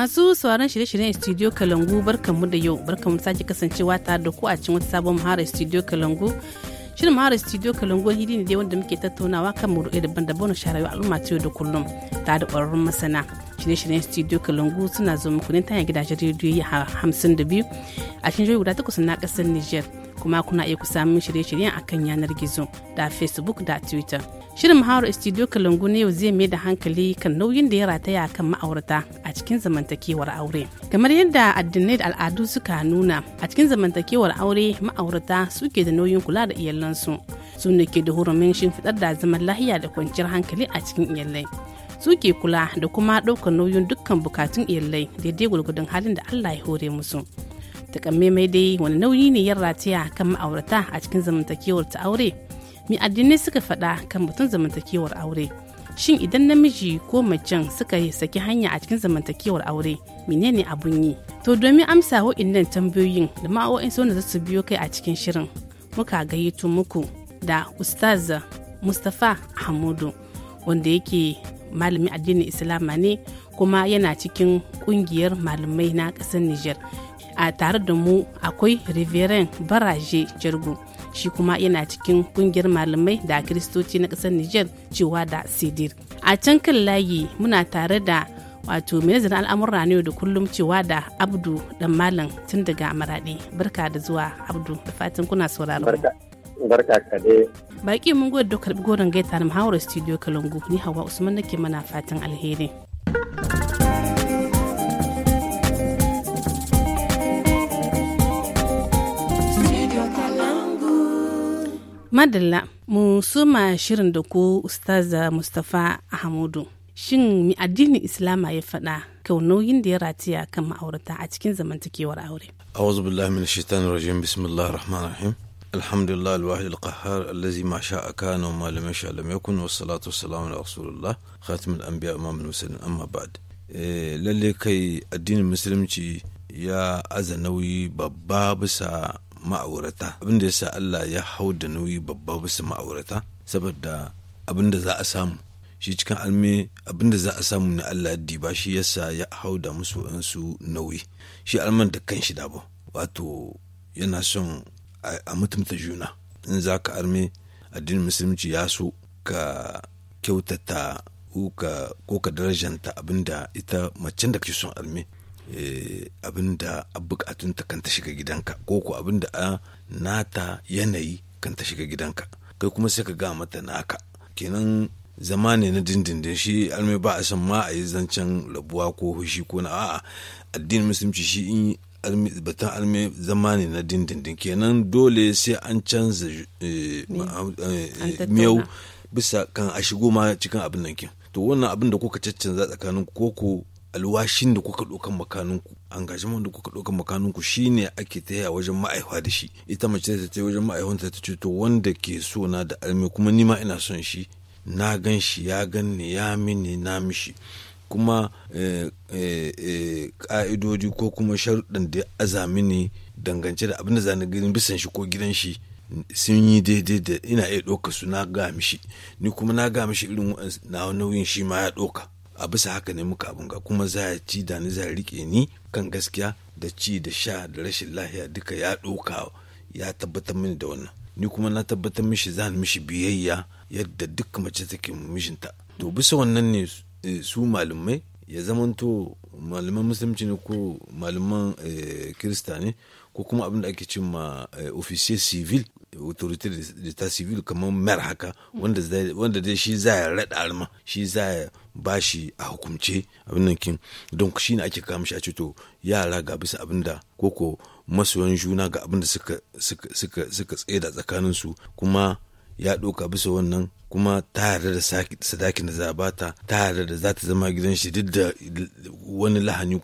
masu sauran shirye-shiryen studio kalangu barkanmu da yau barkanmu sake kasancewa tare da ku a cikin wata sabon mahara studio kalangu shirin mahara studio kalangu hidi ne dai wanda muke tattaunawa kan muru'e daban-daban na sharawa al'umma ta yau da kullum ta da ƙwararrun masana shirye-shiryen studio kalangu suna zo muku ne ta gidajen rediyoyi hamsin da biyu a cikin jihohi guda takwas na ƙasar niger kuma kuna iya samun min shirye-shiryen kan yanar gizo da facebook da twitter shirin muhawar studio kalangu na yau zai mai da hankali kan nauyin da ya rataya kan ma'aurata a cikin zamantakewar aure kamar yadda addinai da al'adu suka nuna a cikin zamantakewar aure ma'aurata suke da nauyin kula da iyalansu su ne ke da hurumin shimfiɗar da zaman lahiya da kwanciyar hankali a cikin iyalai su ke kula da kuma ɗaukar nauyin dukkan bukatun iyalai daidai gwargwadon halin da allah ya hore musu mai dai wani nauyi ne yin rataya kan ma'aurata a cikin zamantakewar ta aure mai addinai suka faɗa kan batun zamantakewar aure shin idan namiji ko macen suka saki hanya a cikin zamantakewar aure menene abun yi to domin amsa wa'innan tambayoyin da ma'o'in sauna za su biyo kai a cikin shirin muka gayyato muku da ustaz mustapha hamudu wanda yake malami addinin islama ne kuma yana cikin kungiyar malamai na ƙasar niger a tare da mu akwai reveren baraje jirgu shi kuma yana cikin kungiyar malamai da kiristoci na ƙasar niger cewa da sidir a can kan layi muna tare da wato ministan al'amurra ne da kullum cewa da abdu dan malam tun daga maraɗi barka da zuwa abdu da fatan kuna sauraron barka ka dai baki mun gode dokar karbi goron gaita na muhawar studio kalangu ni hawa usman nake mana fatan alheri madalla mu suma shirin da ko ustaza mustafa ahmadu shin mi addinin islama ya faɗa kau nauyin da ya ratiya kan ma'aurata a cikin zamantakewar aure a'udhu billahi minash rajim rahim alhamdulillah alwahid alqahar allazi ma sha'a kana wa ma lam yasha lam yakun wa salatu wassalamu ala rasulillah khatimul anbiya imamul mursalin amma ba'd eh, lalle kai addinin musulunci ya aza nauyi babba bisa ma'aurata abinda yasa Allah ya hau da nauyi babba bisa ma'aurata saboda abinda za a samu shi cikin alme abinda za a samu na Allah diba shi yasa ya hau da musu nauyi shi alman da kan shi dabo wato yana son a mutumta juna in za ka arme addinin musulunci ya so ka kyautata ko ka darajanta abinda ita macen da kake son arme eh, abinda a bukatunta kan ta shiga gidanka ko ko abinda a nata yanayi kan ta shiga gidanka kai kuma sai ka ga mata naka kenan zama ne na dindindin shi alme ba a san ma a yi zancen labuwa ko hushi ko na a'a addinin musulunci shi in batun almi zama ne na dindindin kenan dole sai an canza eh, eh, eh, miyau bisa kan a shigo ma cikin abin nan kin to wannan abin da kuka caccanza tsakanin ku alwashin da kuka ɗaukan makaninku engagement da kuka ɗaukan ku shine ake taya wajen ma'aifa da shi ita mace ta ta wajen ma'aifanta ta ce to wanda ke so na da almi kuma nima ina son shi na gan shi ya gan ni ya mini na mishi kuma eh, eh, eh, ka'idodi ko kuma sharuɗan da azamini dangance da abin da zane ganin bisan shi ko gidan shi sun yi daidai da ina iya ɗauka su na ga mishi ni kuma na ga mishi irin na nauyin shi ma ya ɗauka a bisa haka ne muka abin ga kuma za ya ci da ni za ya riƙe ni kan gaskiya da ci da sha da rashin lahiya duka ya ɗauka ya tabbatar mini da wannan ni kuma na tabbatar mishi za mishi biyayya yadda duk mace take mijinta to bisa wannan ne Eh, su malumai ya zamanto malaman musulunci ne ko malaman eh, kirista ne ko kuma abin ake cin ma eh, ofishe civil da ta civil kamar mer haka wanda dai shi za ya raɗa alma shi za ya ba shi a hukumce abin nan kin don shi ne ake kama shi a ce to yara ga bisa abin da koko masoyan juna ga abin da suka suka da tsakaninsu kuma ya ɗauka bisa wannan kuma ta yarda da sadakin da za a ta yarda da za ta zama gidan shi duk da wani lahani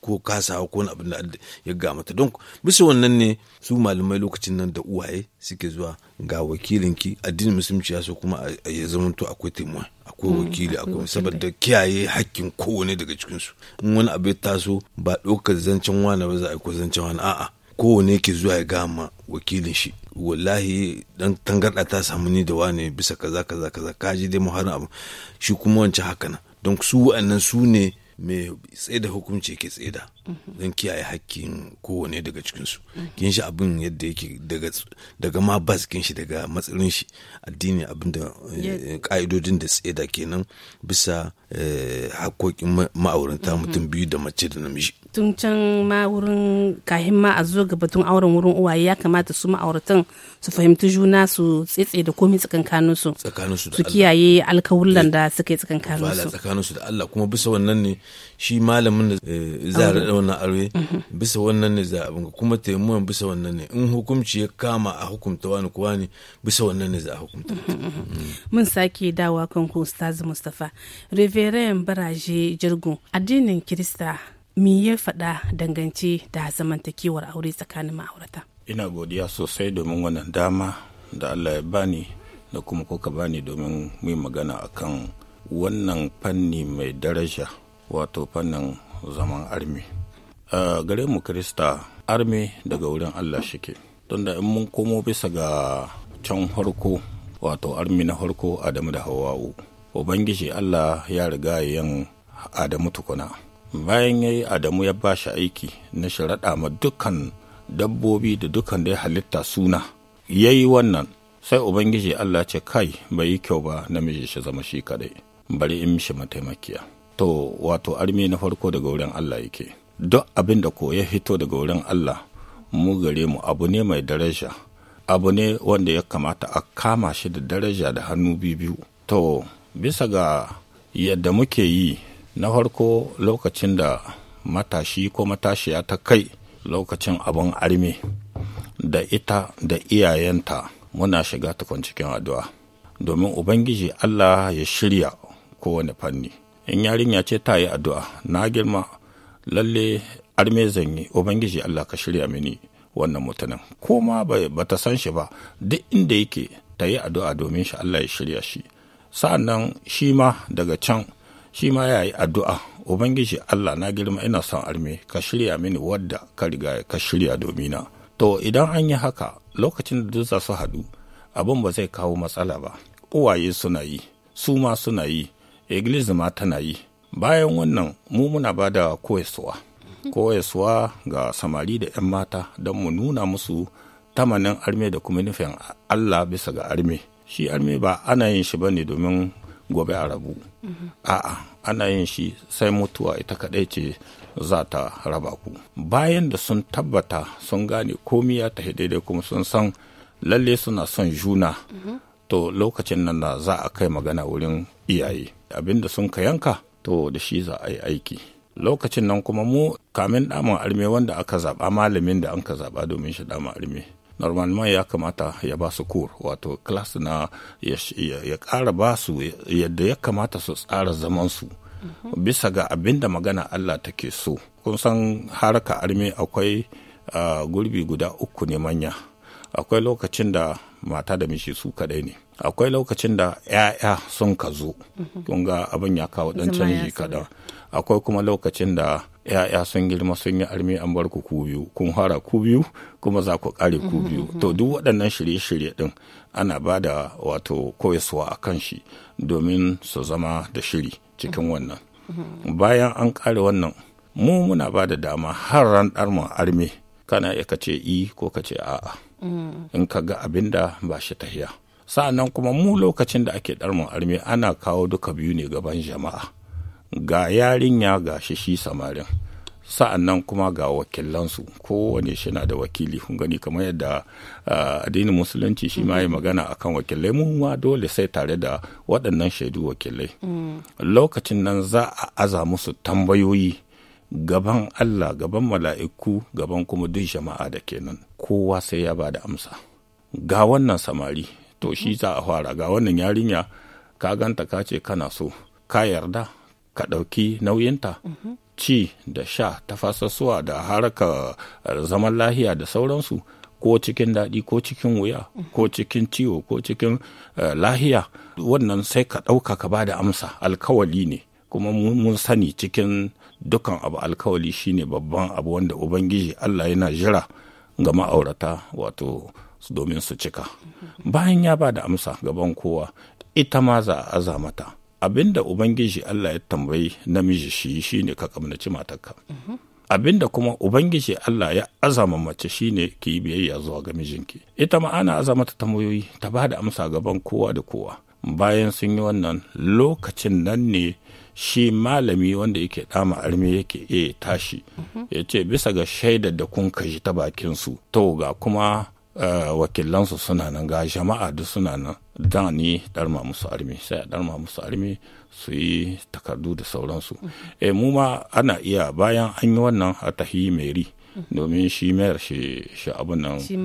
ko kasawa ko wani abin da ya ga mata don bisa wannan ne su malamai lokacin nan da uwaye suke zuwa ga wakilinki addinin musulunci ya so kuma ya zama to akwai taimuwa hmm, akwai wakili akwai saboda kiyaye hakkin kowane daga cikin su in wani abu ya taso ba ɗaukar zancen wani ba za a yi ko zancen wani a'a kowane ke zuwa ya gama wakilin shi wallahi dan tangarda ta samu ni da wane bisa kaza kaza kaza kaji dai har abu shi kuma wancan haka nan don su wa'annan su ne mai da hukunci ke da don kiyaye hakkin kowane daga cikinsu kin shi abin yadda yake daga ma bas kin shi daga matsalin shi addini abin da eh, ka'idodin da da kenan bisa eh, hakokin ma'aurata mutum biyu da mace da namiji tun can ma wurin kahin ma a zo ga batun auren wurin uwaye ya kamata su ma'auratan su fahimci juna su tsetse da komai tsakankanin su su kiyaye alkawullan da eh, suka yi tsakankanin su tsakanin su da Allah kuma bisa wannan ne shi malamin da eh, za a wannan aure mhm. bisa wannan ne za a abin kuma taimuwan bisa wannan ne in hukumci ya kama a hukumta wani kuwa ne bisa wannan ne za a hukumta mhm, mhm, mm. mun sake dawa kan ku ustaz Mustafa Reverend Baraje Jirgun addinin Kirista mi ya faɗa dangance da zamantakewar aure tsakanin ma'aurata ina godiya sosai domin wannan dama da allah ya bani da kuma kuka bani domin mu magana akan wannan fanni mai daraja wato fannin zaman armi uh, gare mu krista armi daga wurin allah shike don da in mun komo bisa ga can harko wato armi na harko adamu da hawa'u ubangiji allah ya riga yin adamu tukuna bayan ya yi adamu ya ba shi aiki na sharaɗa ma dukkan dabbobi da dukkan da ya halitta suna ya yi wannan sai ubangiji allah ce kai bai yi kyau ba na namiji shi zama shi kadai bari in mishi mataimakiya to wato armi na farko daga wurin allah yake duk abin da ko ya hito daga wurin allah mu gare mu abu ne mai daraja abu ne wanda ya kamata a kama shi da daraja da hannu biyu to bisa ga yadda muke yi na farko lokacin da matashi ko matashiya ta kai lokacin abin arme da ita da iyayenta muna shiga tukun cikin addu'a domin ubangiji allah ya shirya kowane fanni in yarinya ce ta yi addu'a na girma lalle arme zanyi ubangiji allah ka shirya mini wannan mutumin ko ma ba ta san shi ba duk inda yake ta yi addu'a domin shi allah ya shirya shi sa'an nan shi ma daga can shi ma ya yi addu'a ubangiji allah na girma ina son arme ka shirya mini wadda ka riga ka shirya domina to idan an yi haka lokacin da duk za su haɗu abin ba zai kawo matsala ba uwaye suna yi su ma suna yi iglis ma tana yi bayan wannan mu muna ba da koyaswa koyaswa ga samari da 'yan mata don mu nuna musu tamanin arme da kuma nufin allah bisa ga arme shi arme ba ana yin shi ba ne domin gobe a rabu a'a ana yin shi sai mutuwa ita kaɗai ce za ta raba ku bayan da sun tabbata sun gane komi ya tafi daidai kuma sun san lalle suna son juna to lokacin nan da za a kai magana wurin iyaye abinda sun ka yanka to da shi za a yi aiki lokacin nan kuma mu kamin damar arme wanda aka zaba malamin da an ka zaba domin shi damar arme normalman ya kamata ya ba su kur wato class na ya ƙara ba su yadda ya kamata su tsara zamansu mm-hmm. bisa ga abin da magana Allah take so kun san haraka armi akwai gurbi guda uku ne manya akwai lokacin da mata da mishi su kadai ne akwai lokacin da 'ya'ya sun ka zo mm-hmm. kun ga abin ya kawo dan canji kaɗan akwai kuma lokacin da 'ya'ya sun girma sun yi armi an bar ku biyu kun fara ku biyu kuma za ku kare ku mm-hmm, biyu mm-hmm. to duk waɗannan shirye-shirye ɗin ana ba da wato koyaswa a kan shi domin su zama da shiri cikin mm-hmm. wannan bayan an kare wannan mu muna ba da dama har ran ɗarman armi kana iya kace i ko kace a'a mm. in ka ga abin da ba shi tahiya sa'annan kuma mu lokacin da ake ɗarman armi ana kawo duka biyu ne gaban jama'a ga yarinya ga shi shi samarin sa'an nan kuma ga wakilansu kowane shi na da wakili kun gani kamar yadda addinin musulunci shi ma yi magana a kan wakilai mu ma dole sai tare da waɗannan shaidu wakilai lokacin nan za a aza musu tambayoyi gaban allah gaban mala'iku gaban kuma duk jama'a da kenan kowa sai ya ba da amsa ga wannan samari to shi za a fara ga wannan yarinya ka ganta ka ce kana so ka yarda ka ɗauki nauyinta ci da sha ta fasassuwa da haraka zaman lahiya da sauransu ko cikin daɗi ko cikin wuya ko cikin ciwo ko cikin eh, lahiya wannan sai ka ɗauka ka bada amsa alkawali ne kuma mun sani cikin dukan abu alkawali shine babban abu wanda ubangiji allah yana jira ga ma'aurata wato domin su cika bayan ya ba da amsa gaban kowa ita ma za a aza mata abinda ubangiji Allah ya tambayi namiji shi shine ka kamnaci matarka da kuma ubangiji Allah ya azama mace shine ki yi biyayya zuwa ga mijinki ita ma ana azama ta tambayoyi ta ba da amsa gaban kowa da kowa bayan sun yi wannan lokacin nan ne shi malami wanda yake dama arme yake e tashi ya ce bisa ga shaidar da kun kashi ta bakin su to ga kuma Eh, wakilansu suna nan ga jama'a duk suna nan da ni darma musu armi sai a darma musu armi su yi takardu da sauransu e mu ma ana iya bayan an yi wannan a tahi meri domin shi mayar shi shi abun nan shi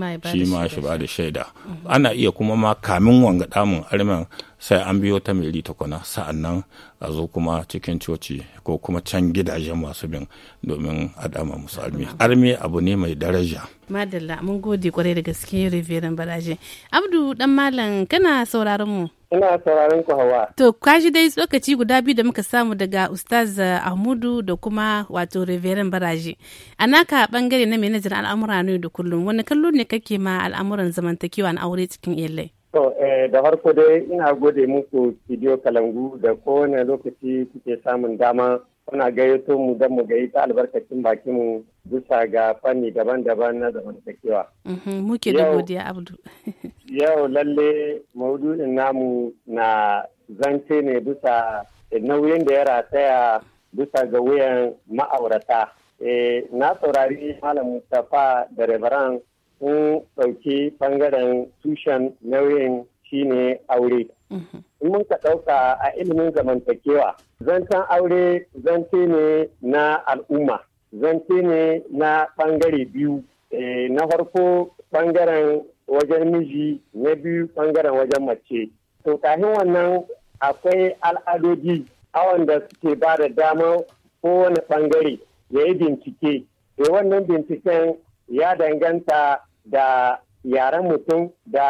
ma shi ba da shaida ana iya kuma ma kamin wanga damun armen sai an biyo ta meri tukuna sa'an nan a zo kuma cikin coci ko kuma can gidajen masu bin domin a dama musu armi armi abu ne mai daraja madalla mun gode kwarai da gaske reveren baraje abdu dan malam kana sauraron mu ina sauraron ku hawa to kashi dai tsokaci guda biyu da muka samu daga ustaz ahmudu da kuma wato reverin baraje a naka bangare na manajan al'amura ne da kullum wani kallo ne kake ma al'amuran zamantakewa na aure cikin iyalai Eh, da farko dai ina gode muku studio kalangu da kowane lokaci kuke samun dama kuna gayyato mu don mu gayi ta albarkacin bakinmu bisa ga fanni daban-daban na zamantakewa. Mhm, muke da godiya Abdu. Yau lalle maudu'in namu na zance ne bisa nauyin da ya rataya bisa ga wuyan ma'aurata. Eh, na saurari Malam Mustapha da Reverend sun ɗauki ɓangaren tushen nauyin shi ne aure. Mhm. In mun ka ɗauka a ilimin zamantakewa, zancen aure zance ne na al'umma, zance ne na ɓangare biyu, eh, na farko ɓangaren wajen miji, na biyu ɓangaren wajen mace. To kahin wannan akwai al'adodi awon da suke ba da dama kowane ɓangare ya yi bincike. Eh, wannan binciken ya danganta da yaren mutum da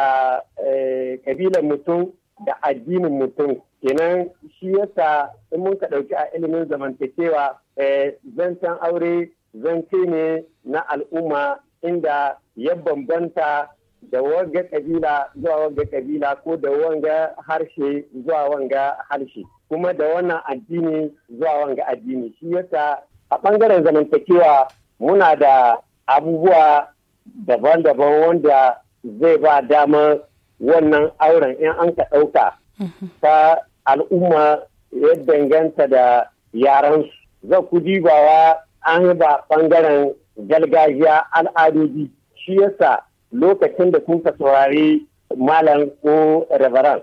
kabilan eh, mutum da addinin mutum kenan shi yasa in mun ka ɗauki a ilimin zamantakewa eh, zancen aure zance ne na al'umma inda ya bambanta da wanga kabila zuwa wanga kabila ko da wanga harshe zuwa wanga harshe kuma da wannan addini zuwa wanga addini shi yasa a ɓangaren zamantakewa muna da abubuwa daban-daban wanda zai ba dama wannan auren in an ka ɗauka ta al'umma ya danganta da su zan ku dibawa an yi ba ɓangaren gargajiya al'adodi shi yasa lokacin da kun ka saurari malam ko reverend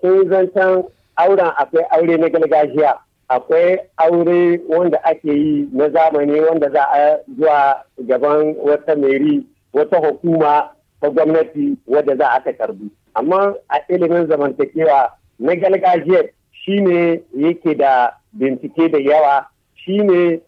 sun mhm. zancen auren akwai aure na galgajiya. akwai aure wanda ake yi na zamani wanda za a zuwa gaban wata meri wata hukuma ta gwamnati wadda za a ta karbi amma a ilimin zamantakewa na gargajiya shine yake da bincike da yawa shine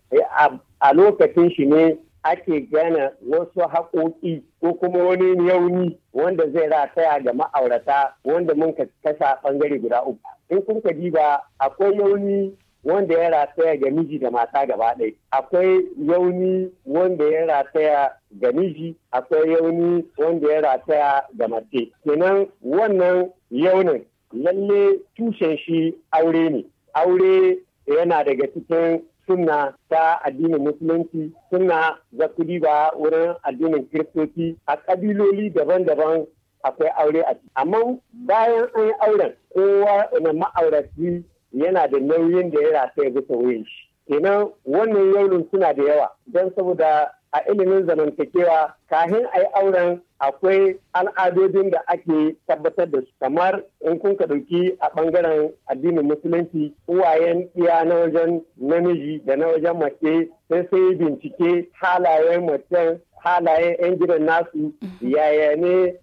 a lokacin shi ne ake gane wasu haƙoƙi ko kuma wani yauni wanda zai rataya ga ma'aurata wanda mun kasa ɓangare guda uku. In kun ka diba akwai yauni wanda ya rataya ga miji da mata gaba ɗaya akwai yauni wanda ya rataya ga miji akwai yauni wanda ya rataya ga mace kenan wannan yaunin lalle tushen shi aure ne aure yana daga cikin sunna ta addinin musulunci sunna za ku diba wurin addinin kiristoci a kabiloli daban-daban akwai aure a ciki amma bayan an yi auren kowa na ma'aurati yana da nauyin da ya rasa ya bisa wuyan shi ina wannan yaunin suna da yawa don saboda a ilimin zamantakewa kahin a auren akwai al'adodin da ake tabbatar da su kamar in kun ka dauki a bangaren addinin musulunci uwayen iya na wajen namiji da na wajen mace sai sai bincike halayen mace halayen 'yan gidan nasu mm-hmm. yaya ne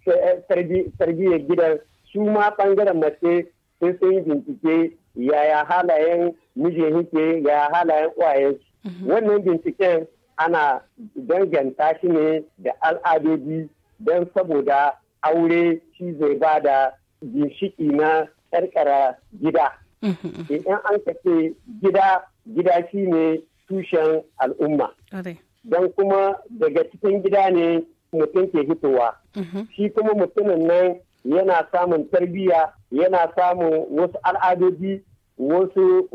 tarbiyyar gidan su ma bangaren mace sai sun yi bincike yaya halayen mijin hike yaya halayen su mhm. wannan binciken ana danganta shi ne da al'adodi don saboda aure shi zai ba da ginshiki na karkara gida mhm. eh, idan an kace gida gida shi ne tushen al'umma don kuma daga cikin gida ne mutum ke hitowa mhm. shi kuma mutumin nan yana samun tarbiyya yana samun wasu al'adodi wasu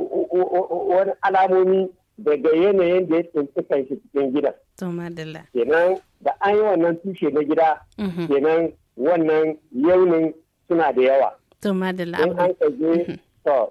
wani alamomi daga yanayin da ya tsinci kanshi cikin gida Kenan da an yi wannan tushe na gida mhm. kenan wannan yaunin suna da yawa. In an kaje mhm. to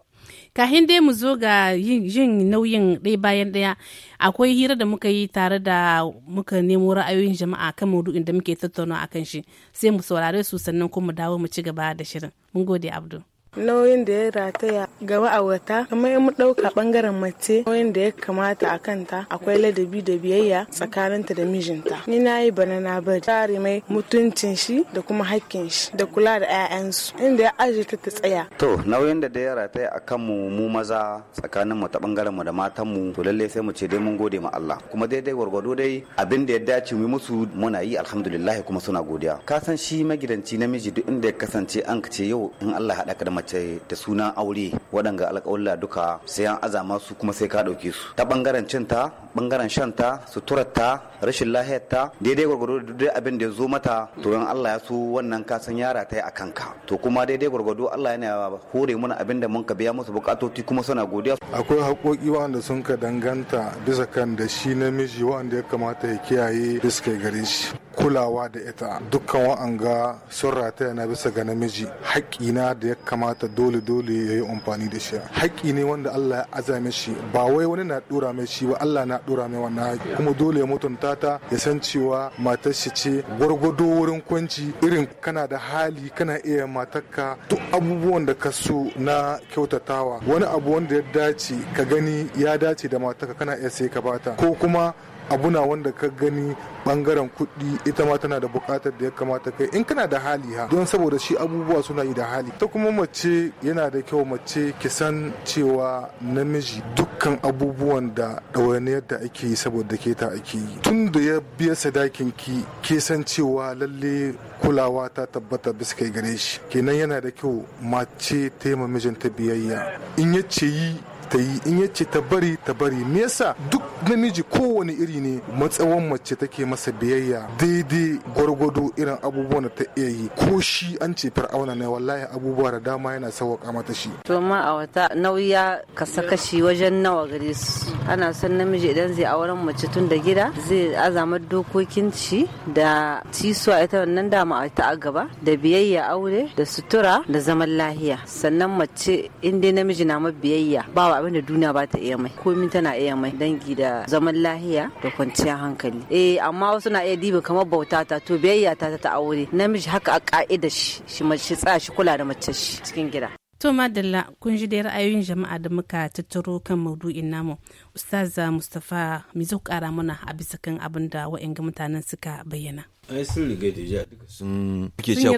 kahin dai mu zo ga yin nauyin ɗaya bayan ɗaya akwai hira da muka yi tare da muka nemo ra'ayoyin jama'a kan maudu'in da muke tattauna kan shi sai mu saurare su sannan kuma dawo mu ci gaba da shirin mun gode abdul nauyin da ya rataya ga wata, ya mu ɗauka ɓangaren mace nauyin da ya kamata a kanta akwai ladabi da biyayya tsakaninta da mijinta ni na yi bana na bari tsari mai mutuncin shi da kuma hakkin shi da kula da 'ya'yansu inda ya aje ta ta tsaya to nauyin da da ya rataya a kan mu mu maza tsakanin mu ta ɓangaren mu da matan mu to lalle sai mu ce dai mun gode ma Allah kuma daidai gwargwado dai abin da ya dace mu musu muna yi alhamdulillah kuma suna godiya ka san shi magidanci namiji duk inda ya kasance an ce yau in Allah haɗa ka da mace da sunan aure waɗanga alƙawalla duka sai an azama su kuma sai ka ɗauke su ta ɓangaren cinta ɓangaren shanta suturarta rashin lahiyarta daidai gwargwado da duk abin da ya zo mata to in Allah ya so wannan ka san yara ta yi a kanka to kuma daidai gwargwado Allah yana hore mana abin da mun ka biya musu bukatoci kuma suna godiya akwai haƙoƙi wanda sun ka danganta bisa kan da shi namiji wanda ya kamata ya kiyaye bisa gare shi kulawa da ita dukkan wa'anga sun rataya na bisa ga namiji haƙina da ya kamata kamata dole dole ya yi amfani da shi haƙƙi ne wanda Allah ya azame shi ba wai wani na dora mai shi ba Allah na dora mai wannan haƙƙi kuma dole ya mutunta ta ya san cewa matar shi ce gwargwado wurin kwanci irin kana da hali kana iya matarka duk abubuwan da ka so na kyautatawa wani abu wanda ya dace ka gani ya dace da matarka kana iya sai ka bata ko kuma abuna wanda ka gani bangaren kuɗi ita ma tana da buƙatar da ya kamata kai in kana da hali ha don saboda shi abubuwa suna yi da hali ta kuma mace yana da kyau mace ki san cewa namiji dukkan abubuwan da ɗawainiyar da ake yi saboda ke ta ake yi tun da ya biya sadakin ki ke san cewa lalle kulawa ta tabbata bisa kai gare shi kenan yana da kyau mace ta yi mijinta biyayya in ya ce yi ta yi in yace ta bari ta bari me yasa duk namiji kowane iri ne matsawon mace take masa biyayya daidai gwargwado irin abubuwan da ta iya yi ko shi an ce fir'auna ne wallahi abubuwa da dama yana sauwaka mata shi to ma a wata nauya ka saka shi wajen nawa gare su ana son namiji idan zai auren mace tun da gida zai azama dokokin ci da tisuwa ita wannan dama ta a gaba da biyayya aure da sutura da zaman lahiya sannan mace in namiji na mabiyayya ba abin da duniya ba ta iya mai komi tana iya mai dangi da zaman lahiya da kwanciyar hankali eh amma wasu na iya diba kamar bauta ta to biyayya ta ta aure namiji haka a ka'ida shi shi mace tsaya shi kula da mace shi cikin gida To Madalla kun ji da ra'ayoyin jama'a da muka tattaro kan maudu'in namu. Ustaza mustafa mizo kara mana a bisa kan abin da ga mutanen suka bayyana. ai sun riga da ja duka sun ke cewa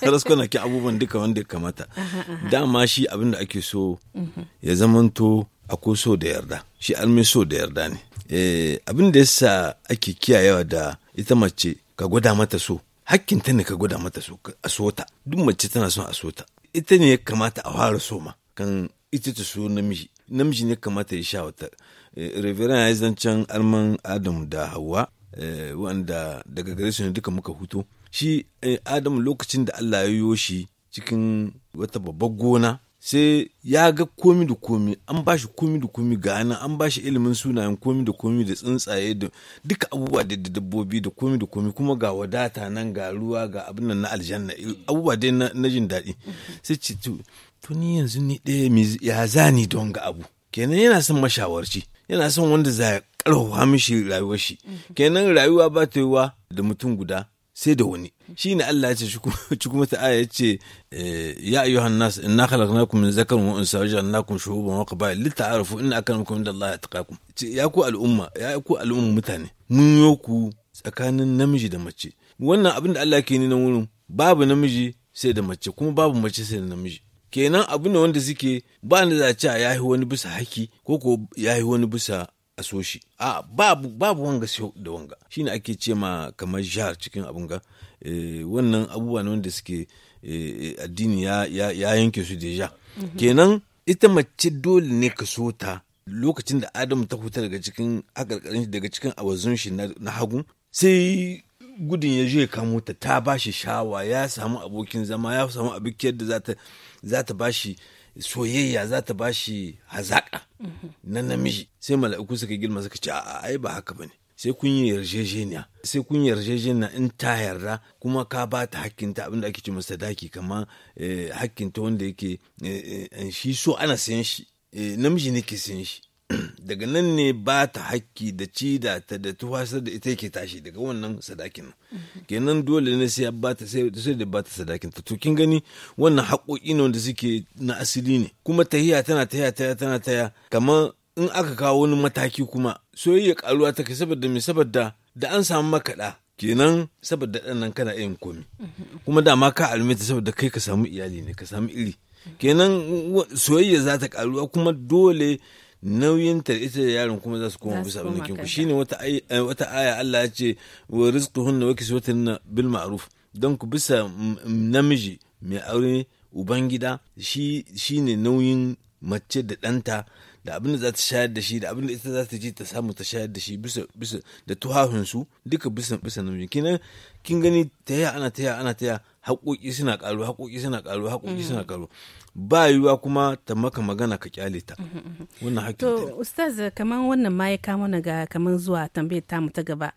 raskwana ki abubuwan duka wanda kamata dama shi abin da ake so mhm. ya zamanto akwai so da yarda shi almi so da yarda ne eh, abin da yasa ake kiyayewa da ita mace ka gwada mata so hakkin ta ne ka gwada mata so a so ta duk mace tana son a so ta ita ne ya kamata a fara so ma kan ita ta so namiji namiji ne kamata ya sha wata eh, reverend ya zancen alman adam da hawa Eh, wanda daga gare su ne duka muka huto shi eh, adamu lokacin da allah ya yo shi cikin wata babbar gona sai ya ga komi da komi an ba shi komi da komi ga nan an ba shi ilimin sunayen komi da komi da tsuntsaye da duka abubuwa da dabbobi da komi da komi kuma ga wadata nan ga ruwa ga abin nan na aljanna abubuwa dai na jin daɗi sai ce to ni yanzu ni ɗaya ya zani don ga abu kenan yana son mashawarci yana son wanda za ƙarfafa mishi rayuwar shi kenan rayuwa ba ta yiwa da mutum guda sai da wani shi ne Allah ya ce shi kuma ta aya ya ce ya ayyuha nas inna khalaqnakum min zakarin wa unsa waja'alnakum shu'uban wa qaba'il lita'arafu inna akramakum indallahi atqakum ya ku al'umma ya ku al'umma mutane mun yo ku tsakanin namiji da mace wannan abin da Allah ke nuna wurin babu namiji sai da mace kuma babu mace sai da namiji kenan abu ne wanda suke ba ni za a ce ya yi wani bisa haki ko ko ya yi wani bisa a so shi a babu babu wanga sai da wanga shine ake ce ma kamar jihar cikin abun ga eh, wannan abubuwa ne wanda suke eh, eh, addini ya yanke su deja mhm. kenan ita mace dole ne ka so ta lokacin da adamu ta huta daga cikin akarkarin daga cikin awazun shi na hagu sai gudun ya je kamo ta ta bashi shi shawa ya samu abokin zama ya samu abikiyar da za ta ba shi soyayya za ta bashi hazaƙa na namiji sai mala'iku suka girma suka ce a ai ba haka bane sai kun yi yarjejeniya sai kun yarjejeniya in ta yarda kuma ka ba ta hakkinta abinda ake ce masa daki kama eh, hakkinta wanda yake eh, eh, shi so ana sayan shi namiji ne ke sayan shi daga nan ne ba ta hakki da ci da ta da tuwasar da ita yake tashi daga wannan sadakin mhm. kenan dole ne sai ba ta sai da ba ta sadakin ta to kin gani wannan haƙoƙi ne wanda suke na asili ne kuma tahiya tana taya taya tana taya kamar in aka kawo wani mataki kuma soyayya karuwa ta kai saboda me saboda da an samu makaɗa kenan saboda ɗan nan kana yin komi mhm. kuma dama ka almeta saboda kai ka samu iyali ne ka samu iri mhm. kenan soyayya za ta karuwa kuma dole nauyin ta ita da yaron kuma za su koma bisa abin da ku shine eh, wata aya Allah ya ce wa hunna wa kiswatuhunna bil ma'ruf don ku bisa namiji mai aure ubangida shi shine nauyin mace da ɗanta da abin da za ta shayar da shi da abin da ita za ta ji ta samu ta shayar da shi bisa bisa da tuhafinsu duka bisa bisa namiji kinan kin gani ta yaya ana ta yaya ana ta haƙoƙi suna ƙaruwa haƙoƙi suna ƙaruwa haƙoƙi suna mm. ƙaruwa ba yiwuwa kuma ta maka magana ka kyale ta wannan to ustaz kaman wannan ma ya kama na ga kaman zuwa tambayar ta mu ta gaba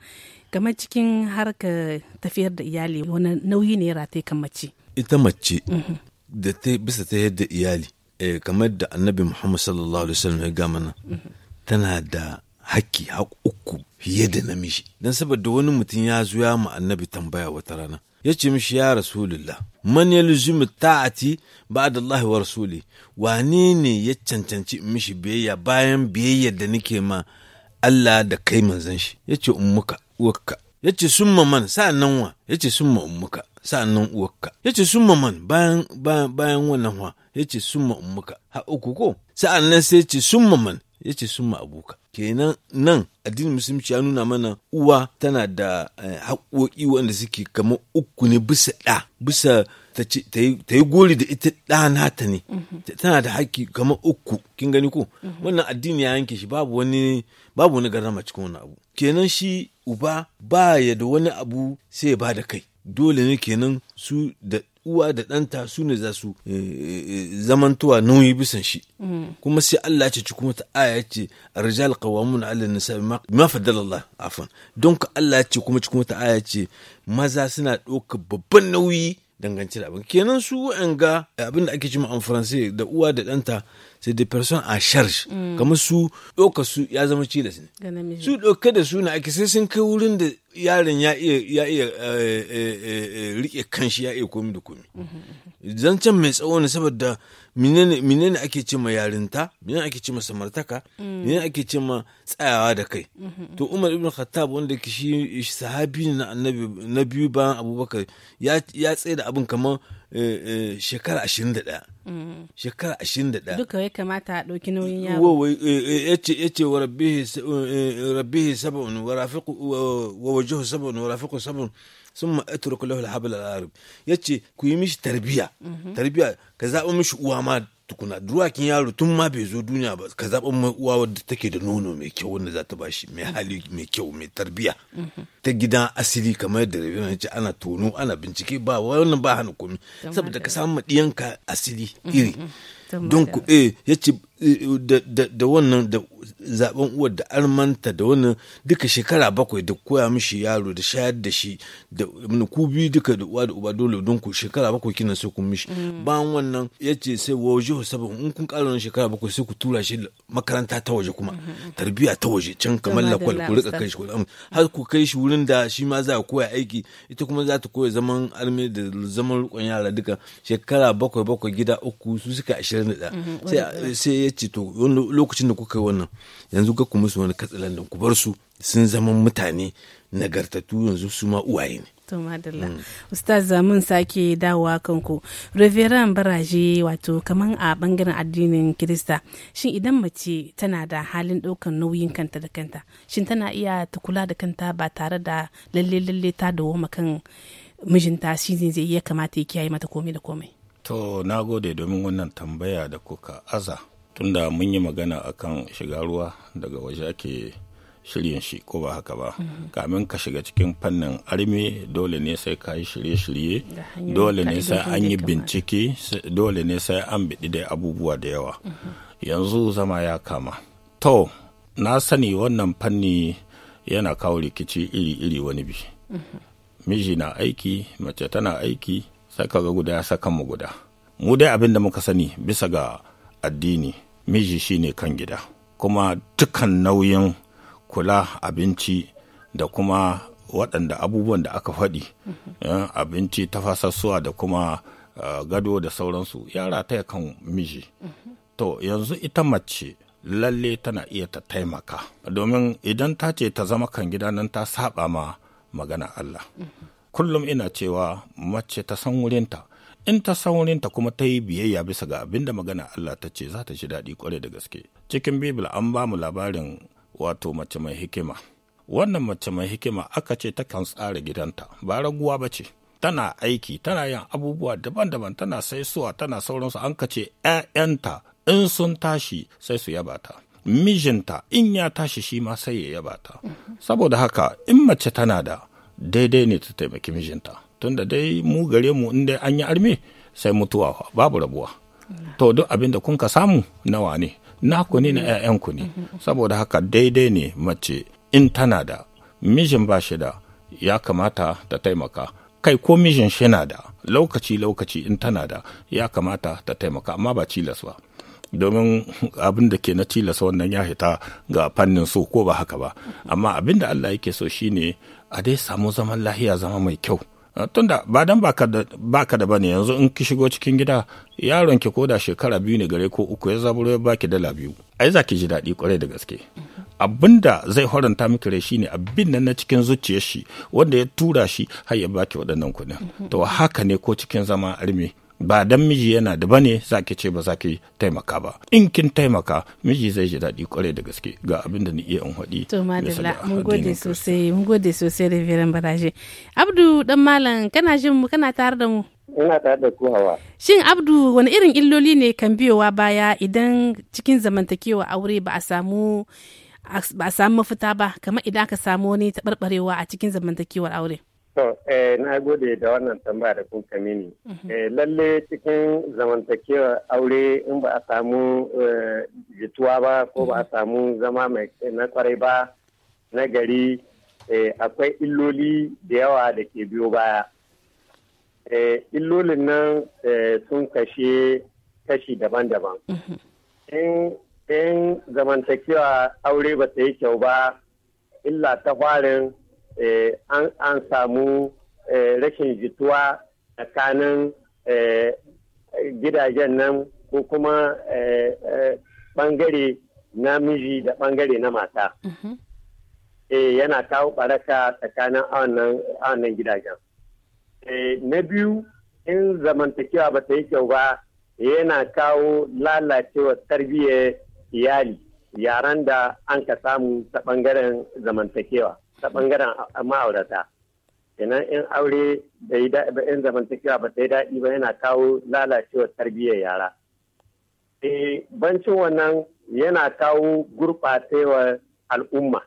kamar cikin harka tafiyar da iyali wani nauyi ne rataye kan mace ita mace da ta bisa ta yadda iyali eh, kamar da annabi muhammad sallallahu alaihi wasallam ya ga mana tana da hakki haƙ uku fiye da namiji don saboda wani mutum ya zuya ma annabi tambaya wata rana ya ce mishi ya rasulullah man yalzimu ta'ati da Allah wa rasuli wane ne ya cancanci mishi biyayya bayan biyayya da nake ma Allah da kai manzon shi ya yace ummuka ya ce summa man nan wa yace summa ummuka sa'annan ya ce summa man bayan bayan wannan wa yace summa ummuka ha uku ko nan sai yace summa man ce summa abuka kenan nan addinin musulunci ya nuna mana uwa tana da eh, haƙoƙi wanda suke kamar uku ne bisa ɗa bisa ta yi gori da ita ɗa nata ne mhm. tana da haƙƙi kamar uku kin gani ko mhm. wannan addini ya yanke shi babu wani babu wani garama cikin wani abu kenan shi uba ba ya da wani abu sai ya ba da kai dole ne kenan su da uwa da ɗanta su ne za su eh, eh, zamantowa nauyi bisan shi kuma sai Allah ce ci kuma ta aya ce rijal qawamun ala nisa ma fadalla afan don ka Allah ce kuma ci kuma ta aya ce maza suna ɗauka babban nauyi dangance da abin kenan su ga eh, abin da ake cima an faransa da uwa da ɗanta sai da person a charge mm. kamar su ɗauka su ya zama cilas ne su ɗauka da su na ake sai sun kai wurin da yaron ya iya ya iya eh, eh, rike kanshi ya iya komi da komi mm-hmm, mm-hmm. zancen mai tsawo ne saboda menene menene ake ce ma yarinta menene ake ce ma samartaka mm. menene ake ce ma tsayawa da kai mm-hmm. to Umar ibn Khattab wanda ke shi sahabi ne na annabi biyu bayan Abubakar ya tsaye da abin kamar eh, eh, shekara 21 mm. shekara 21 duka ya kamata a ɗauki nauyin yaro eh, Ya ce wa rabbihi sabon wa rafiku wa wajihu sabon wa rafiku sabon. sun ma'aturku lahu alhabal al-arab yace ku yi mishi tarbiya tarbiya ka zaba mishi uwa ma tukuna duwakin yaro tun ma bai zo duniya ba ka zaɓa mai uwa wadda take da nono mai kyau wanda za ta bashi mai hali mai kyau mai tarbiya ta gidan asiri kamar yadda rabi ce ana tono ana bincike ba wannan ba hana komi saboda ka samu ɗiyanka asiri mm-hmm. iri mm-hmm. don ku eh yace da wannan da zaben uwar da armanta da wannan duka shekara bakwai da koya mishi yaro da shayar da shi da ku biyu duka da uwa da uba dole don ku shekara bakwai kina sai kun mishi mm. bayan wannan ya ce sai waje sabon in kun ƙara shekara bakwai sai ku tura shi makaranta ta waje kuma mm-hmm. tarbiyya ta waje can kamar lakwal ku rika kai shi har ku kai shi wurin da shi ma za a koya aiki ita kuma za ta koya zaman arme da zaman rikon yara duka shekara bakwai bakwai gida uku su suka ashirin da mm-hmm. sai ce to lokacin da kuka yi wannan yanzu ga ku musu wani katsalandan ku bar su sun zama mutane nagartattu yanzu su ma uwaye ne to madalla mm. ustaz zamun sake dawowa kanku reverend baraje wato kaman a bangaren addinin kirista shin idan mace tana da halin daukan nauyin kanta da kanta shin tana iya ta kula da kanta ba tare da lalle lalle ta dawo kan mijinta shi ne zai iya kamata ya kiyaye mata komai da komai to na gode domin wannan tambaya da kuka aza tunda mun yi magana akan shiga ruwa daga waje ake shirye shi ko ba haka ba mhm. kamin ka shiga cikin fannin armi dole ne sai ka yi shirye-shirye dole ne sai an yi bincike dole ne sai an biɗi dai abubuwa da yawa mhm. yanzu zama ya kama to na sani wannan fanni yana kawo rikici iri-iri wani bi mhm. miji na aiki mace tana aiki sai ga guda ya saka mu guda mu dai abin da muka sani bisa ga addini miji shine kan gida kuma dukan nauyin kula abinci da kuma waɗanda abubuwan da aka faɗi mhm. eh, abinci tafasassuwa da kuma eh, gado da sauransu yara ta kan miji mhm. to yanzu ita mace lalle tana iya ta taimaka domin idan ta ce ta zama kan gida nan ta saba ma magana Allah mhm. kullum ina cewa mace ta san wurinta in ta saurin ta kuma ta yi biyayya bisa ga abin da magana Allah ta ce za ta ji daɗi kwarai da gaske. Cikin Bibil an ba mu labarin wato mace mai hikima. Wannan mace mai hikima aka ce ta kan tsara gidanta ba raguwa ba ce. Tana aiki, tana yin abubuwa daban-daban, tana saisuwa, tana sauransu an ka ce ‘ya'yanta in sun tashi sai su yaba ta. Mijinta in ya tashi shi ma sai ya yaba ta. Mm-hmm. Saboda haka in mace tana da daidai ne ta taimaki mijinta. tun da dai mu gare mu in dai an yi arme sai mutuwa babu rabuwa to duk abin da kun ka samu nawa ne naku ne na 'ya'yanku ne saboda haka daidai ne mace in tana da mijin ba shi da ya kamata ta taimaka kai ko mijin shi na da lokaci lokaci in tana da ya kamata ta taimaka amma ba cilas ba domin abin da ke na cilas wannan ya hita ga fannin so ko ba haka ba amma abin da Allah yake so shine a dai samu zaman lahiya zama mai kyau Eh, tunda ba dan baka da bane yanzu in ki shigo cikin gida yaron ki da shekara biyu ne gare ko uku ya zaburo ya baki dala biyu ai za ki ji daɗi kwarai da gaske abinda zai horonta miki rai shine abin nan na cikin zuciyar shi wanda ya tura shi har ya baki waɗannan kuɗin to haka ne ko cikin zama arme ba dan miji yana da bane ki ce ba za ki taimaka ba in kin taimaka miji zai ji daɗi kwarai da gaske ga abin da ni iya in haɗi to madalla mun gode sosai mun gode sosai da viran baraje abdu dan malam kana jin mu kana tare da mu ina tare da ku hawa shin abdu wani irin illoli ne kan biyowa baya idan cikin zamantakewa aure ba a samu ba a samu mafita ba kamar idan aka samu wani taɓarɓarewa a cikin zamantakewar aure To, eh, na gode da wannan tambaya da kuka mini. Mhm. Eh, lalle cikin zamantakewa aure in ba a samu eh, jituwa ba ko ba a mhm. samu zama mai na kwarai ba na gari akwai illoli da yawa da ke biyo baya. Illolin nan sun kashe kashi daban-daban. Mhm. In zamantakewa aure ba ta yi kyau ba, illa ta farin Eh, an samu eh, rashin jituwa tsakanin eh, gidajen nan ko kuma bangare na miji da bangare na mata. Mm-hmm. yana kawo baraka tsakanin nan gidajen. Na biyu in zamantakewa ba ta yi kyau ba yana kawo lalacewa tarbiyyar iyali yaran da an ka samu ta bangaren zamantakewa. ta bangaren ma'aurata kenan in aure da yi daɗi in zamantakewa ba ta yi daɗi ba yana kawo lalacewar tarbiyyar yara e bancin wannan yana kawo gurɓatewar al'umma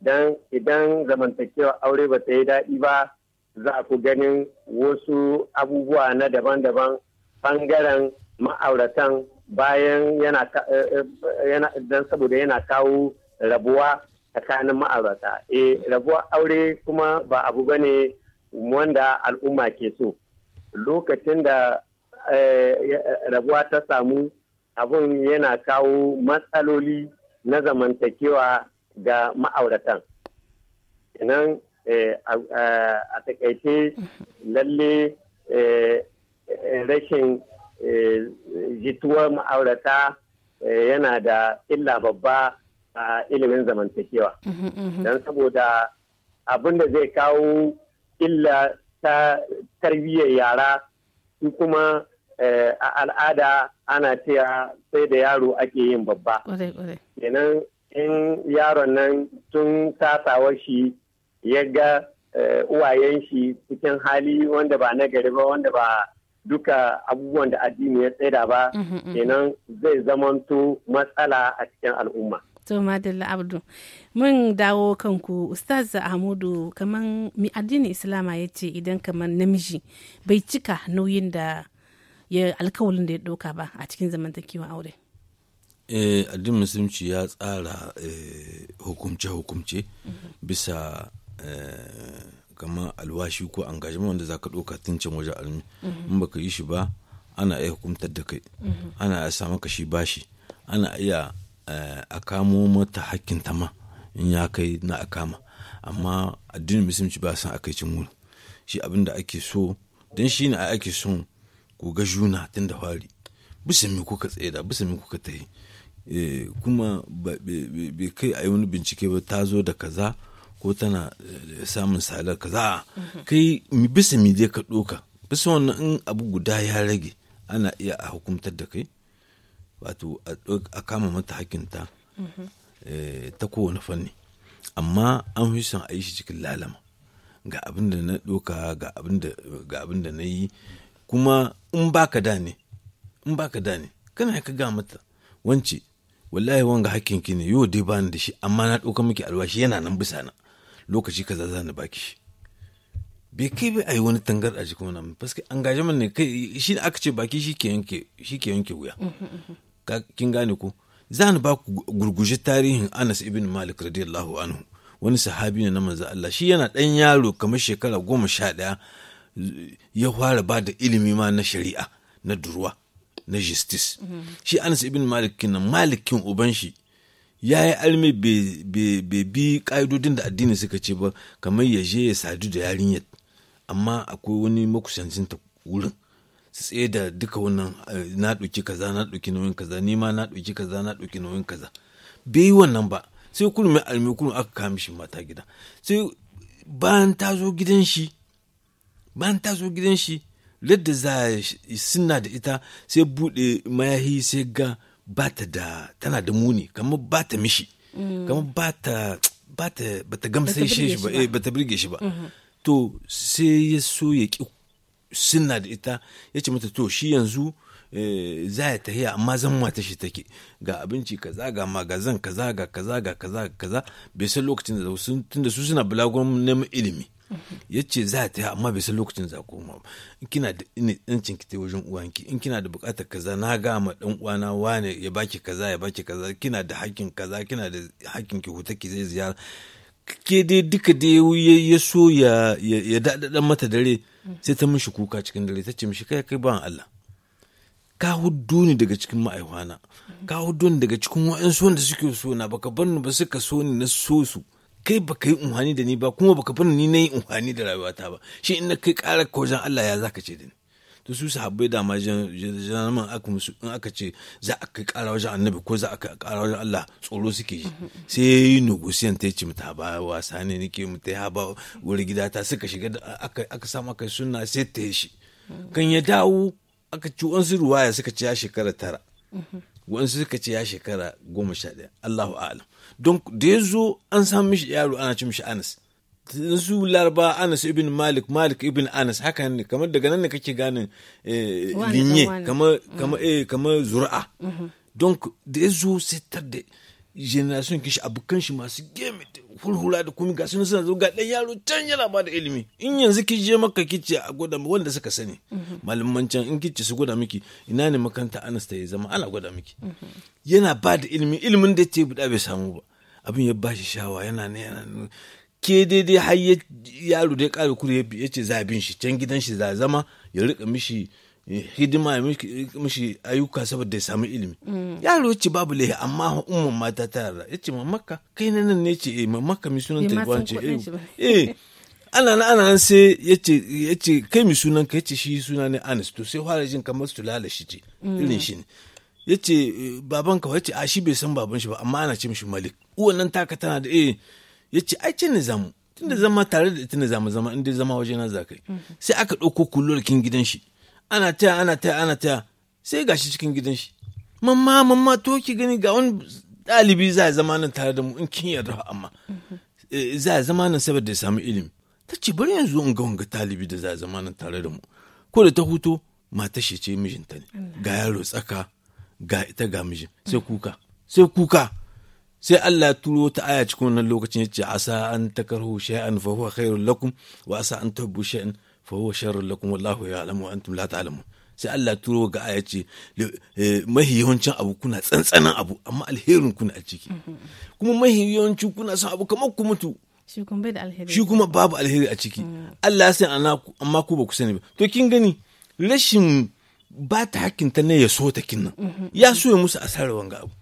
dan idan zamantakewa aure ba ta yi daɗi ba za ku ganin wasu abubuwa na daban-daban bangaren ma'auratan bayan yana eh, eh, saboda yana kawo rabuwa tsakanin ma'aurata e rabuwar aure kuma ba abu ba ne wanda al'umma ke so lokacin da eh, rabuwa ta samu abun yana kawo matsaloli na zamantakewa ga ma'auratan nan eh, a takaice lalle rashin jituwar ma'aurata yana da illa babba a ilimin zamantakewa mhm, mhm. don saboda abin da zai kawo illa ta tarbiyyar yara su kuma eh, a al'ada ana cewa sai da yaro ake yin babba kenan in yaron nan tun tasawar shi ya ga eh, uwayen shi cikin hali wanda ba na gari ba wanda ba duka abubuwan da addini ya tsada ba mhm, kenan zai zamanto matsala a cikin al'umma to madalla abdu mun dawo kanku ustaz ahmadu kaman mi addinin islama ya ce idan kaman namiji bai cika nauyin da ya alkawalin da ya ɗauka ba a cikin zamantakewa aure eh addin musulunci ya tsara eh, hukumce-hukumce mhm. bisa eh, kamar alwashi ko engagement wanda za ka ɗauka tuncin wajen almi mhm. in baka yi shi ba ana iya hukumtar da kai mhm. ana iya sa maka bashi ana iya Eh, a kamo mata hakkin ta in ya kai na a kama amma addinin musulunci ba san akai cin wuri shi abin da ake so don shi ne ake son ku ga juna tun da fari bisa me kuka tsaye da bisa me kuka ta yi eh, kuma bai kai a yi wani bincike ba ta zo da kaza ko tana eh, samun salar kaza mhm. kai bisa mi je ka ɗoka bisa wannan in abu guda ya rage ana iya a hukumtar da kai wato a kama mata hakinta eh, ta kowane fanni amma an fi son a yi shi cikin lalama ga abin da na ɗoka ga abin da na yi kuma in baka da ne in baka da ne kana ka ga mata wance wallahi wanga hakinki ne yau dai bani da shi amma na ɗauka miki alwashi yana nan bisa na lokaci kaza za ni baki shi bai kai bai ayi wani tangar a jikin wani faske an gaje ne kai shi aka ce baki shi ke yanke wuya kin gane ko za ni ba ku gurguje tarihin Anas ibn Malik radiyallahu anhu wani sahabi ne na manzo Allah shi yana ɗan yaro kamar shekara goma sha ɗaya ya fara ba da ilimi ma na shari'a na durwa na justice mhm. shi Anas ibn Malik kin malikin uban shi ya yi almi bai bi ƙa'idodin da addini suka ce ba kamar ya je ya sadu da yarinya amma akwai wani makusancin ta wurin tsaye da duka wannan eh, na ɗauki kaza na ɗauki nauyin kaza ni ma na ɗauki kaza na ɗauki nauyin kaza bai yi wannan ba sai kullum mai almi kullum aka kawo shi mata gida sai bayan ta zo gidan shi bayan ta zo gidan shi ladda za suna da ita sai buɗe mayahi sai ga ba ta da tana da muni kamar ba ta mishi mm. kamar ba ta ba ta gamsashe shi ba eh, ba ta birge shi ba mm-hmm. to sai ya so ya ki sunna da ita ya ce mata to shi yanzu eh, za ya tahiya amma zan mata shi take ga abinci kaza ga magazan kaza ga kaza ga kaza ga kaza bai san lokacin da sun tunda su suna bulagon neman ilimi ya ce za ta amma bai san lokacin za ku ma in kina da ɗancin ki wajen uwanki in kina da bukatar kaza na ga ma ɗan uwana wane ya baki kaza ya baki kaza kina da hakkin kaza kina da hakkin ki huta ki zai ziyara ke dai duka dai ya so ya mata dare sai ta mishi kuka cikin dare ta ce mishi kai kai ban Allah ka huddo ni daga cikin ma'aihwana ka huddo ni daga cikin son da suke so na baka bar ni ba suka so ni na so su kai baka yi unhani da ni ba kuma baka bar ni na yi unhani da rayuwata ba shi in na kai ƙara wajen Allah ya zaka ce da ni to su sahabbai da ma janaman aka musu in aka ce za a kai kara wajen annabi ko za a kai kara wajen Allah tsoro suke yi sai ya yi ta ce mata ba wasa ne nake muta ya ba wuri gida ta suka shiga aka samu aka sunna sai ta yi shi kan ya dawo aka ci wansu ruwaya suka ce ya shekara tara wansu suka ce ya shekara goma sha ɗaya Allahu a'alam don da ya zo an samu mishi yaro ana ci mishi anas su laraba anas ibn malik malik ibn anas haka ne kamar daga nan ne kake ganin eh, linye kamar mm. eh, zura'a mm-hmm. don da ya zo sai tar da generation kin shi abokan shi masu game hulhula da kuma ga suna zo ga yaro can yana ba da ilimi in yanzu ki je maka kici a gwada wanda suka sani mm-hmm. malaman can in kici su gwada miki ina ne makanta anas ta yi zama ana gwada miki mm-hmm. yana ba da ilimi ilimin da ta yi buɗa bai samu ba abin ya bashi shawa yana ne yana ke daidai har yaro da ya ƙara kuri ya ce za bin shi can gidan shi za zama ya rika mishi eh, hidima ya mishi ayyuka saboda ya samu ilimi mm. yaro ce babu laihi amma umman mata ta yara ya ce mamaka kai na nan ne ce eh mamaka mi sunan ta gwan ce eh, eh ana na ana sai ya ce kai mi sunan ka ya ce shi suna ne anis to sai fara jin kamar su lalashi ce mm. irin shi ne ya ce eh, baban ka ya ce a shi bai san baban shi ba amma ana ce mishi malik uwan nan taka tana da eh ya ce ai cin zamu tunda zama tare da tun zamu zama inda zama waje na zakai sai aka ɗauko kullokin gidan shi ana taya ana taya ana taya sai gashi cikin gidan shi mamma mamma to ki gani ga wani ɗalibi za ya zama nan tare da mu in kin yarda amma eh, za ya zama nan saboda ya samu ilimi ta ce bari yanzu in ga wanga ɗalibi da za ya zama nan tare da mu ko da ta huto mata shi ce mijinta ne ga yaro tsaka ga ita ga mijin sai kuka sai kuka sai Allah turo ta aya cikin wannan lokacin yace asa an takarhu shay'an fa huwa khairul lakum wa asa an tuhibbu shay'an fa huwa sharrul lakum wallahu ya'lamu wa antum la ta'lamun sai Allah turo ga aya ce eh, mahi yawancin abu kuna tsantsanan abu amma alherin kuna a ciki kuma mahi yawancin kuna son abu kamar ku mutu shi kuma babu alheri a ciki Allah sai san amma ku ba ku sani ba to kin gani rashin ba ta hakkinta ne ya so ta kinnan ya so ya musu asarar wanga abu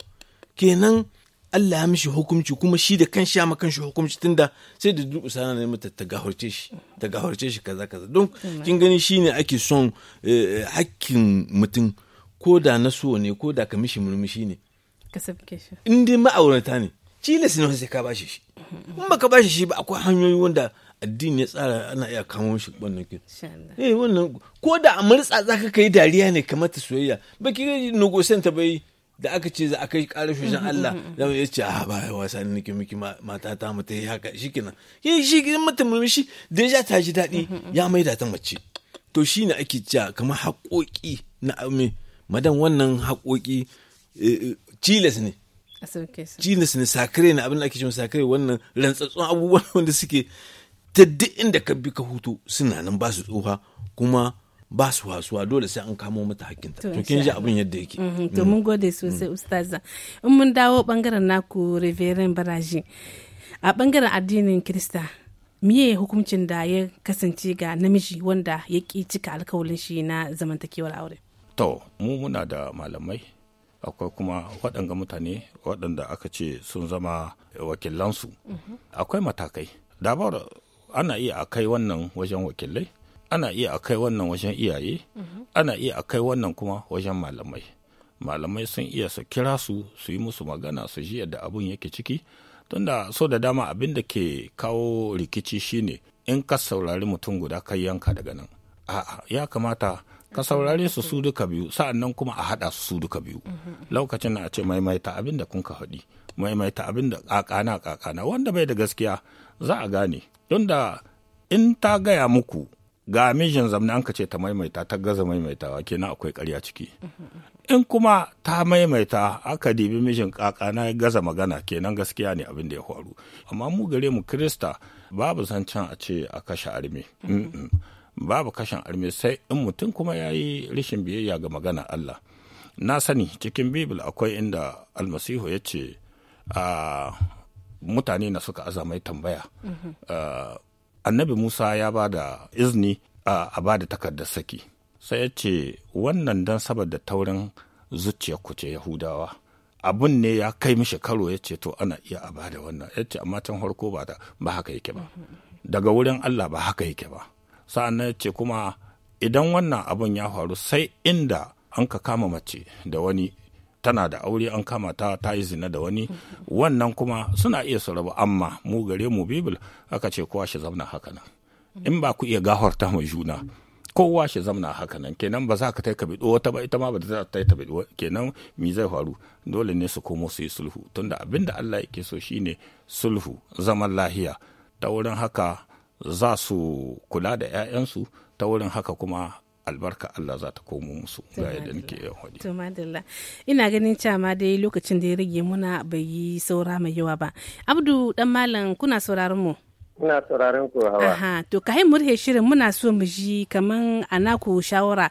kenan Allah ya mishi hukunci kuma shi da kan sha makan shi hukunci tunda sai da duk usana ne mata ta gahorce shi ta gahorce shi kaza kaza don kin gani shine ake son eh, hakkin mutum ko da na so ne ko da ka mishi murmushi ne ka sabke shi in dai ma'aurata ne cilas ne sai ka bashi shi in baka bashi shi ba akwai hanyoyi wanda addini ya tsara ana iya kawo shi wannan kin eh wannan ko da a murtsa zaka kai dariya ne kamar ta soyayya baki ga ta bai da aka ce za a kai ƙara shushin mm-hmm, Allah mm-hmm, zama ya mm-hmm. ce a ah, baya wasa ne nake miki mata ta mu ta yi haka shi kenan yi shi gidan mata murmushi deja ta ji daɗi ya maida ta mace to shi ne ake cewa kamar haƙoƙi na ame madan wannan haƙoƙi cilas eh, eh, ne cilas ne sakare na abin da ake cewa sakare wannan rantsatsun abubuwan wanda suke ta duk inda ka bi ka hutu suna nan ba su tsoha kuma ba su wasuwa dole sai an kamo mata ta. to kin ji abin yadda yake mm-hmm. to mun mm. gode sosai mm. ustaza in mun dawo bangaren naku reverend baraji a bangaren addinin kirista miye hukuncin da ya kasance ga namiji wanda ya ki cika alkawalin shi na zamantakewar aure to mu muna da malamai akwai kuma waɗanga mutane waɗanda aka ce sun zama wakilansu mm-hmm. akwai matakai dabar ana iya a kai wannan wajen wakilai ana iya a kai wannan wajen iyaye ana iya a kai wannan kuma wajen malamai malamai sun iya su kira su su yi musu magana su ji yadda abun yake ciki tunda so da dama abin da ke kawo rikici shine in ka saurari mutum guda kai yanka daga nan a'a ya kamata ka saurari su su duka biyu nan kuma a haɗa su su duka biyu lokacin na a ce maimaita abin da kun ka haɗi maimaita abin da ƙaƙana ƙaƙana wanda bai da gaskiya za a gane tunda in ta gaya muku ga mijin zamani an ka ce ta maimaita ta gaza maimaitawa kenan akwai karya ciki in kuma ta maimaita aka dibi mijin kaka na gaza magana kenan gaskiya ne abin da ya faru amma mu gare mu krista babu zancen a ce a kashe arme babu kashen arme sai in mutum kuma ya yi rashin biyayya ga magana Allah na sani cikin bibil akwai inda almasihu ya ce ah, mutane na suka azamai tambaya mm-hmm. ah, annabi musa ya ba da izini a ba da takardar saki sai ya ce wannan don saboda taurin zuciyar ku ce yahudawa abun ne ya kai mishi karo ya ce to ana iya a ba da wannan ya ce amma can harko ba ba haka yake ba daga wurin allah ba haka yake ba sa'an ya ce kuma idan wannan abun ya faru sai inda an ka kama mace da wani tana da aure an kama ta ta yi zina da wani wannan kuma suna iya su raba amma mu gare mu bibil aka ce kowa shi zamna haka nan in ba ku iya gafarta ma juna kowa shi zamna haka nan kenan ba za ka ta kabi wata ba ita ma ba za ta ta kenan mi zai faru dole ne su komo su yi sulhu tunda abin da Allah yake so shine sulhu zaman lahiya ta wurin haka za su kula da ƴaƴansu ta wurin haka kuma albarka Allah za ta komo musu ga yadda nake hudu. To madalla ina ganin cama dai lokacin da ya rage muna bai yi saura mai yawa ba. Abdu dan malam kuna sauraron mu. Ina sauraron ku hawa. Aha to kai murhe shirin muna so mu ji kaman ana ku shawara.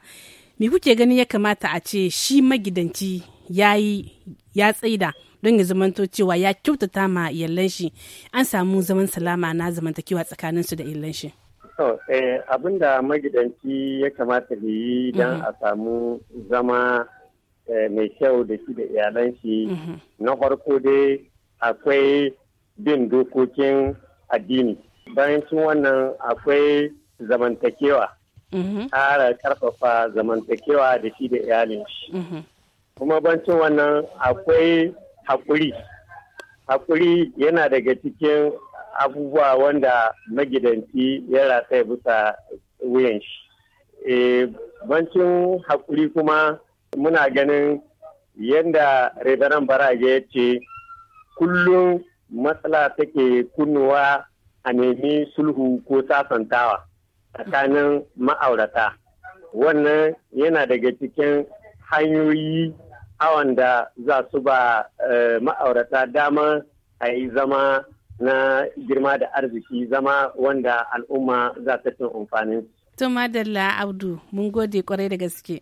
Me kuke ganin ya kamata a ce shi magidanci yayi ya tsaida don ya zamanto cewa ya kyautata ma yallan shi an samu zaman salama na zamantakewa tsakaninsu da yallan shi. abinda eh, abin magidanci ya kamata da yi don mhm. a samu zama eh, mai kyau da shi da iyalan shi mhm. na farko dai akwai bin dokokin addini bayan cin wannan akwai zamantakewa ƙara mhm. karfafa zamantakewa da shi da iyalin shi kuma bancin wannan akwai haƙuri haƙuri yana daga cikin abubuwa wanda magidanci ya rataya bisa wuyan shi. Eh, bancin haƙuri kuma muna ganin yadda rediyon barage ya ce kullum matsala take kunnuwa a nemi sulhu ko sasantawa tsakanin ma'aurata wannan yana daga cikin hanyoyi awanda za su ba eh, ma'aurata dama a yi zama na girma da arziki zama wanda al'umma za ta cin amfanin. To Madalla Abdu mun gode kwarai da gaske.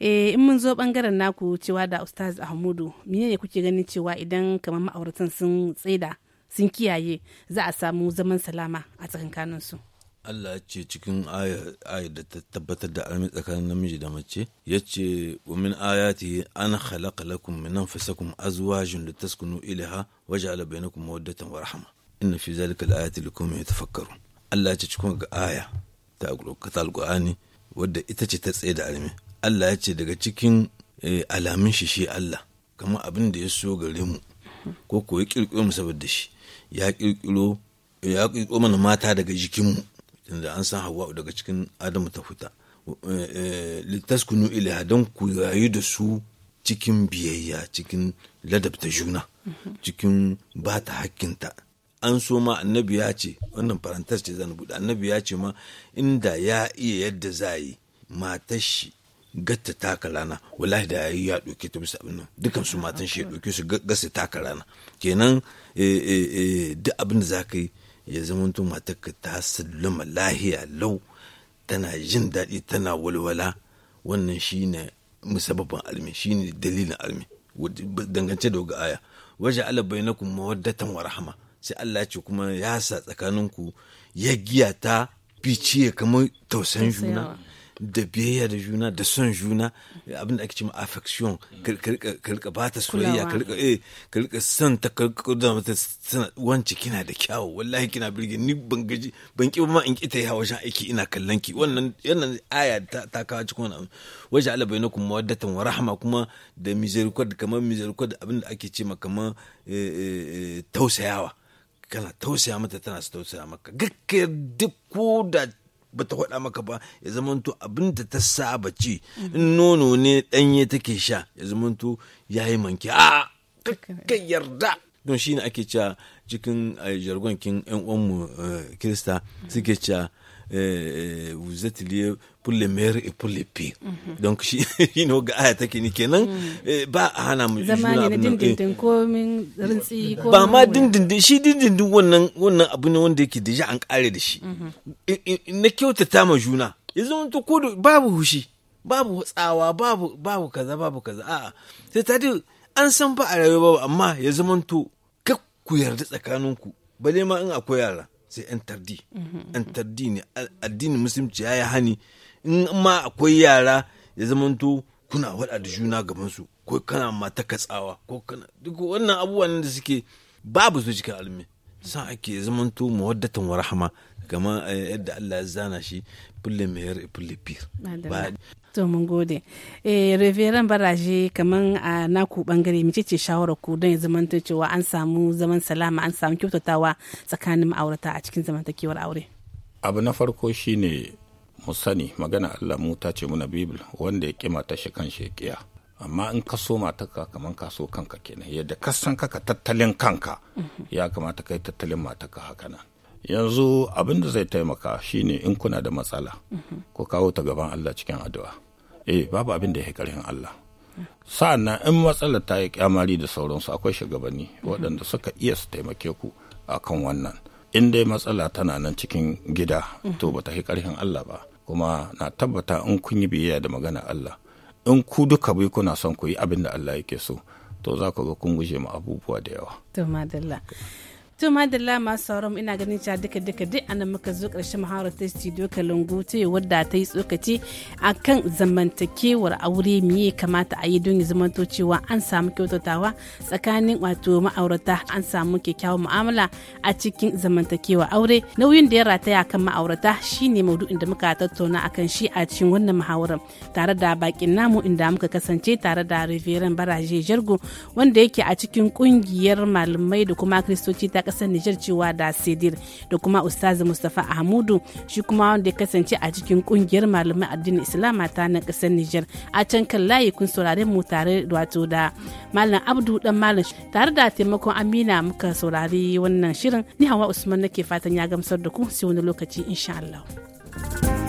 Eh, in mun zo bangaren naku cewa da Ustaz Ahmadu mene ne kuke ganin cewa idan kamar ma'auratan sun tsaida, sun kiyaye za a samu zaman salama a tsakankaninsu. su. Allah ce cikin aya da ta tabbatar da almi tsakanin namiji da mace ya ce wa min ayati an khalaqa lakum min anfusikum azwajan litaskunu ilaiha wa ja'ala bainakum mawaddatan wa rahma inna fi zalika alayati liqaumin yatafakkarun Allah ce cikin ga aya ta alqur'ani wadda ita ce ta tsaye da almi Allah ya ce daga cikin eh, alamin shi shi Allah kamar abin da ya so gare mu ko ko ya kirkiro mu saboda shi ya kirkiro mana mata daga jikinmu inda an san hawa daga cikin adamu ta fita litaskunu ilaha don ku rayu da su cikin biyayya cikin ta juna cikin ba ta hakkinta an so ma annabi ya ce wannan farantas ce zan buɗe annabi ya ce ma inda ya iya yadda za yi matar shi gatta taka rana wallahi da yayi ya ɗauke ta bisa abin nan dukan su matan shi ya ɗauke su gasa taka rana kenan eh, eh, eh, duk abin da za ka yi ya zama zamanto ka ta sallama lahiya lau tana jin daɗi tana walwala wannan ne musababin almi ne dalilin almi dangance da ga aya waje ala bainakum mawaddatan wa rahama sai Allah ce kuma ya sa tsakaninku ya giya ta biciye kamar tausan juna da biyayya da juna da son juna abin da ake cewa affection ka ba ta soyayya ka eh ka son ta ka rika da mata wance kina da kyawu wallahi kina birge ni ban gaji ban ki ma in kita ta yawa wajen aiki ina kallon ki wannan wannan aya ta ta kawo cikin wannan waje ala bainakum mawaddatan wa rahma kuma da misericord kamar misericord abin da ake cewa kamar eh, eh, eh, tausayawa kana tausaya mata tana tausaya maka gakkiyar duk ko da ba ta faɗa maka ba ya zamanto abin da ta saba ci in nono ne ɗanye take sha ya zamanto ya yi manki a ka yarda don shi ne ake cewa cikin eh, jargon kin yan uwanmu eh, kirista suke cewa Euh, euh, vous êtes liés pour les meilleurs et pour le mhm. donc ne ga aya take ni kenan ba a hana mu ba ma dindindin shi dindindin wannan wannan abu ne wanda yake deja an kare da shi mhm. na kyautata ma juna yanzu to ko babu hushi babu tsawa babu babu kaza babu kaza a'a sai ta an san ba a rayuwa ba amma ya to kak ku yarda tsakaninku bale ma in akwai yara sai intardi mhm. tardi ne addinin musulunci ya yi hani in ma akwai yara ya zamanto kuna wada da juna gabansu ko kana mata katsawa ko kana duk wannan abubuwan da suke babu su cikin almi sa ake zamanto muwaddatan wa rahama kamar eh, yadda Allah ya zana shi fulle mayar fulle pir to mun gode eh reveran baraje kaman a naku bangare mice ce shawarar ku don ya zamanta cewa an samu zaman salama an samu kyautatawa tsakanin ma'aurata a cikin zamantakewar aure abu na farko shine mu sani magana Allah mu ta ce muna bibil wanda ya kima ta shi kan shekiya amma in ka so matarka kamar ka so kanka kenan yadda ka san kaka tattalin kanka mhm. ya kamata kai tattalin matarka haka nan yanzu abin da zai taimaka shine in kuna da matsala ku kawo ta gaban Allah cikin addu'a eh babu abin da ya karin Allah sa'annan in matsala ta yi kyamari da sauransu akwai shugabanni waɗanda suka iya su taimake ku akan wannan in dai matsala tana nan cikin gida to ba ta yi karhin Allah ba kuma na tabbata in kun yi biyayya da magana Allah in ku duka bai kuna son ku yi abin da Allah yake so to za ku ga kun guje mu abubuwa da yawa to madalla to madalla masu sauran ina ganin cewa duka duka duk anan muka zo karshen muhawarar ta studio kalungu ta yi wadda ta yi tsokaci a kan zamantakewar aure miye kamata a yi don ya zamanto cewa an samu kyautatawa tsakanin wato ma'aurata an samu kyakkyawan mu'amala a cikin zamantakewar aure nauyin da ya rataya kan ma'aurata shine maudu'in da muka tattauna a kan shi a cikin wannan muhawarar tare da bakin namu inda muka kasance tare da reveren baraje jargo wanda yake a cikin kungiyar malamai da kuma kristoci ta kasar Nijar cewa da Sedir da kuma ustazu Mustafa Ahmadu shi kuma wanda ya kasance a cikin kungiyar malamai addinin Islama ta na kasar Nijar a can kan layi kun saurare mu tare wato da Malam Abdu dan Malam tare da taimakon Amina muka saurari wannan shirin ni Hawa Usman nake fatan ya gamsar da ku sai wani lokaci insha Allah.